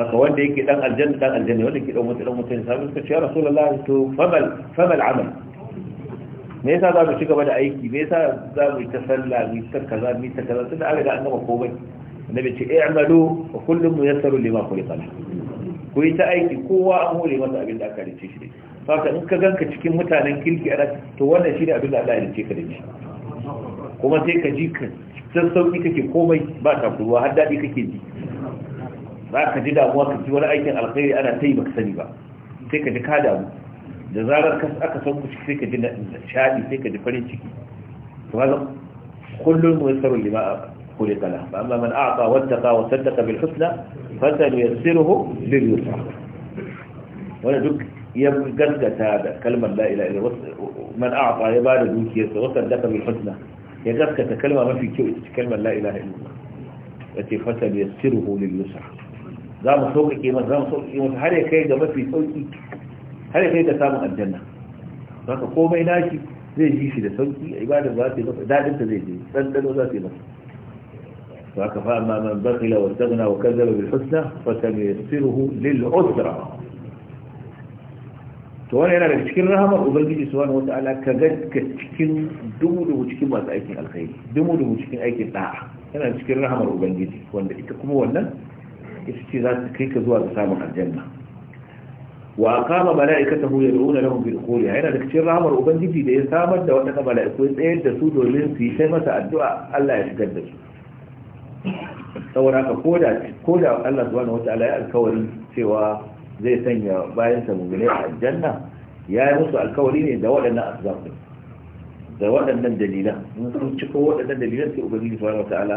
haka wanda yake dan aljanna dan aljanna wanda yake dan wuta dan wuta sai suka ce ya rasulullahi to famal famal amal me yasa za mu ci gaba da aiki me yasa za mu ta sallah mu ta kaza mu ta kaza tunda an riga an gama komai annabi ce i'malu wa kullu muyassaru lima khuliqa lahu ku yi aiki kowa an hore masa abin da aka rice shi da saka in ka ganka cikin mutanen kirki a to wannan shi ne abin da Allah ya ce ka da shi kuma sai ka ji ka sauki kake komai ba takuruwa har daɗi kake ji za ka ji damuwa ka ji wani aikin alkhairi ana ta yi baka sani ba sai ka ji ka damu da zarar ka aka san ku sai ka ji shaɗi sai ka ji farin ciki to haka kullum mu sarru lima kuli kala ba amma man a'ta wattaqa wa saddaqa bil husna fa sanuyassiruhu lil yusra wannan duk يغلقت هذا كلمة لا إله إلا الله من أعطى عبادة دوكية وصل دفع الحسنة يغلقت كلمة ما في كلمة لا إله إلا الله التي فسد يسره لليسر زام صوقك كيمان زام صوقك كيمان هل يكيد ما في صوتي هل يكيد سامق الجنة فقط قوم إلاكي زي جي في صوتي عبادة ذاتي نصر دائم أنت زي جي فندل وذاتي نصر فقط فأما من بخل واستغنى وكذب بالحسنة فسد يسره للعسرة to wani yana daga cikin rahamar ubangiji wata ala ka ga ka cikin dubu dubu cikin masu aikin alkhairi dubu dubu cikin aikin da'a yana cikin rahamar ubangiji wanda ita kuma wannan ita ce za ta kai ka zuwa ga samun aljanna wa aqama malaikatahu yad'una lahum bil qul yana da cikin rahmar ubangiji da ya samar da wadannan malaiku ya tsayar da su domin su yi sai masa addu'a Allah ya shigar da su saboda ka koda koda Allah subhanahu wataala ya alkawarin cewa zai sanya bayan samunai a janna ya yi musu alkawari ne da waɗannan azabin da waɗannan dalilan sun cika waɗannan dalilan sai ubangiji subhanahu wa ta'ala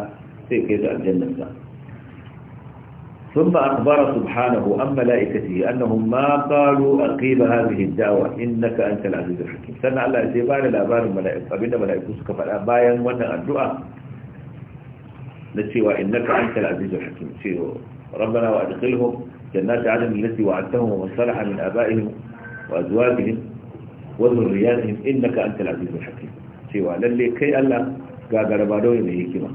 sai kai su aljannan sa sun ba akbara subhanahu an mala'ikati annahum ma qalu aqiba hadhihi ad-da'wa innaka antal azizul sannan Allah sai ba da labarin mala'iku abinda mala'iku suka faɗa bayan wannan addu'a na cewa innaka antal azizul hakim cewa ربنا وادخلهم جنات عدن التي وعدتهم ومن صلح من آبائهم وأزواجهم وذرياتهم إنك أنت العزيز الحكيم cewa lalle kai Allah ga garba dole mai hikima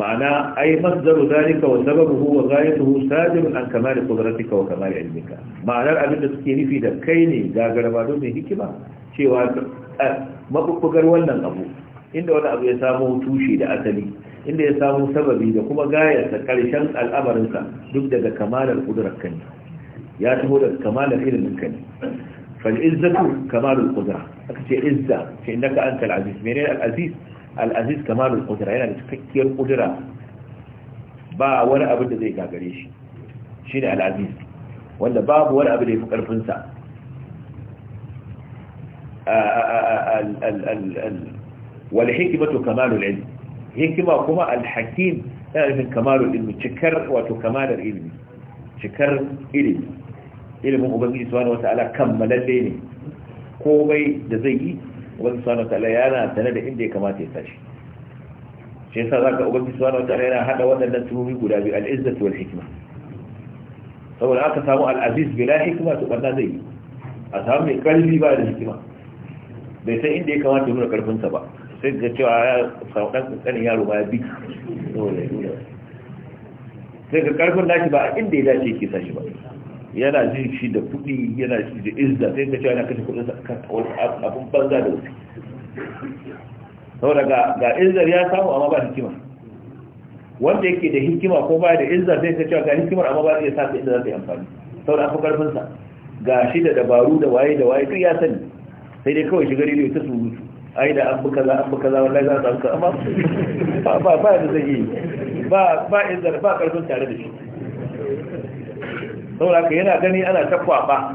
ma'ana ai masdaru zalika wa sababuhu an kamali qudratika wa kamali ilmika ma'anar abin suke nufi da kai ne ga garba dole mai hikima cewa mabubbugar wannan abu inda wani abu ya samo tushe da asali inda ya samu sababi da kuma gayarsa ƙarshen al'amarinsa duk daga kamalar ƙudurar kan ya taho da kamalar ilimin kan fal'izzatu kamalar aka ce izza ce inda ka an tal'aziz mene al'aziz al'aziz kamalar yana da cikakkiyar ƙudura ba wani abin da zai gagare shi shi ne al'aziz wanda babu wani abu da ya fi ƙarfinsa walhikimatu kamalar ilimin hikima kuma alhakim yana nufin kamalul ilmi cikar wato kamalar ilmi cikar ilmi ilimin ubangiji subhanahu wataala kammalalle ne komai da zai yi ubangiji wata ala yana sanar da inda ya kamata ya tashi shi yasa ka ubangiji wata ala yana hada waɗannan tuhumi guda biyu al-izzatu wal hikma saboda aka samu al-aziz bila hikima to barna zai yi a samu mai kalbi ba da hikima bai san inda ya kamata ya nuna ƙarfinsa ba sai ga cewa ya ɗan ƙanƙanin yaro ba ya bi sai ga ƙarfin nashi ba a inda ya dace ke sashi ba yana ji shi da kuɗi yana shi da izda sai ga cewa yana kashe kuɗin abin banza da wasu saboda ga izdar ya samu amma ba hikima wanda yake da hikima ko ba da izdar sai ga cewa ga hikimar amma ba zai sa inda za ta yi amfani saboda akwai sa ga shi da dabaru da waye da waye duk ya sani sai dai kawai shiga rediyo ta su ai da an buka za an buka za wallahi za a samu amma ba ba da zai yi ba ba inda ba karfin tare da shi saboda ka yana gani ana ta kwaba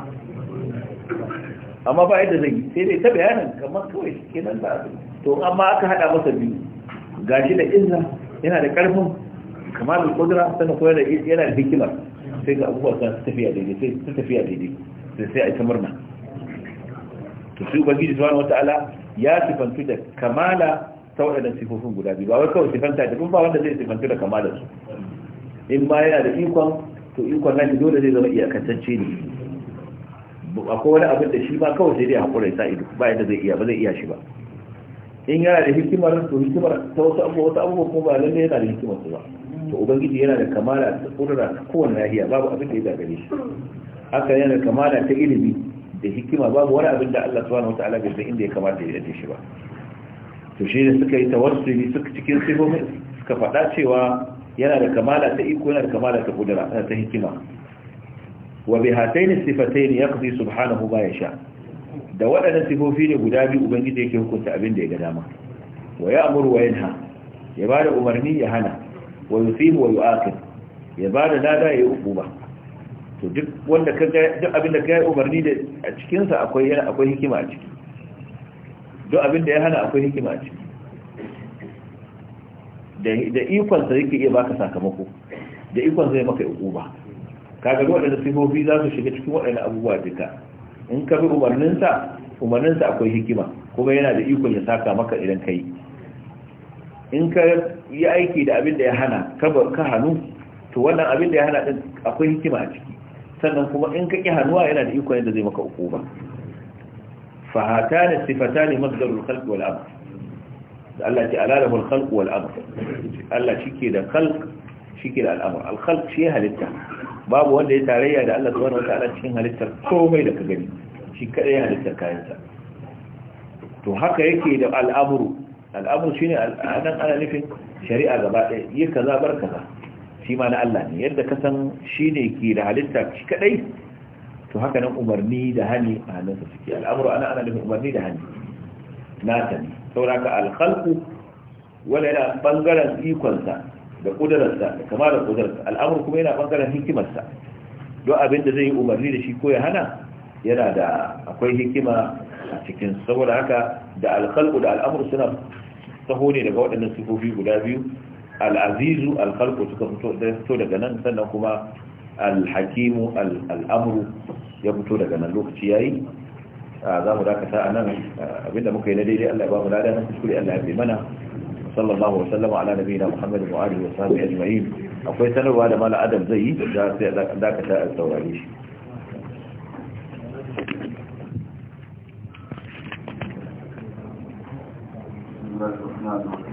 amma ba inda zai yi sai dai ta bayanin kamar kawai kenan ba to amma aka hada masa biyu gashi da inda yana da karfin kamar kudura qudra sanin koyar da yana da hikima sai ga abubuwa sun tafiya daidai sai su tafiya daidai sai sai a ta murna to shi ubangiji subhanahu wataala ya sifantu da kamala ta waɗannan sifofin guda biyu ba wai kawai sifanta da ba wanda zai sifantu da kamala su in ba yana da ikon to ikon nashi dole zai zama iyakantacce ne akwai wani abin da shi ba kawai sai dai hakura ya sa ido ba yadda zai iya ba zai iya shi ba in yana da hikimar to hikimar ta wasu abubuwa wasu abubuwa kuma ba lalle yana da hikimar su ba to ubangiji yana da kamala ta kudura ta kowane lahiya. babu abin da ya gagare shi haka yana da kamala ta ilimi da hikima babu wani abin da Allah subhanahu wataala bai san inda ya kamata ya yi shi ba to shi ne suka yi tawassuli suka cikin sifofin suka faɗa cewa yana da kamala ta iko yana da kamala ta kudura ta hikima wa bi hatayn sifatayn yaqdi subhanahu ma yasha da waɗannan sifofi ne guda biyu ubangiji yake hukunta abin da ya ga dama wa ya'muru wa yanha ya bada umarni ya hana wa yusibu wa yu'aqib ya bada dada ya yi uquba to duk wanda ka ga duk abin da ka yi umarni da a cikinsa akwai yana akwai hikima a ciki duk abin da ya hana akwai hikima a ciki da ikonsa yake iya baka sakamako da ikonsa ya maka uba kaga duk waɗanda sifofi za su shiga cikin wadannan abubuwa duka in ka bi umarninsa sa akwai hikima kuma yana da ikon ya saka maka idan kai in ka yi aiki da abin da ya hana ka hannu to wannan abin da ya hana din akwai hikima a ciki sannan kuma in ka ƙi hannuwa yana da iko yadda zai maka uku ba fahata da sifata ne masdarul khalq wal amr da Allah ce alalahu al khalq wal amr Allah shike da khalq shike da al'amr al khalq shi halitta babu wanda ya tarayya da Allah subhanahu wataala cikin halittar komai da ka gani shi kadai ya halittar kayansa to haka yake da al'amru al'amru shine anan ana nufin shari'a gaba ɗaya yi kaza bar kaza shi ma na Allah ne yadda ka san shi ne ke da halitta shi kadai to haka nan umarni da hani a hannunsa suke al'amuru ana ana nufin umarni da hani ta ne sauraka alkhalku wala yana bangaren ikonsa da kudararsa da kama da kudararsa al'amuru kuma yana bangaren hikimarsa don abin da zai yi umarni da shi ko ya hana yana da akwai hikima a cikin saboda haka da alkhalku da al'amuru suna taho ne daga waɗannan sifofi guda biyu al'azizu alkhalku suka fito daga nan sannan kuma alhakimu al'amuru ya fito daga nan lokaci ya yi za mu dakata a nan abinda muka yi na daidai allah ya ba mu lada na kuskure allah ya bi mana sallallahu wa sallama ala nabi na muhammadu wa alihi wa sahbihi ajma'in akwai sanarwa da mala adam zai yi da sai dakata a saurare shi Thank you.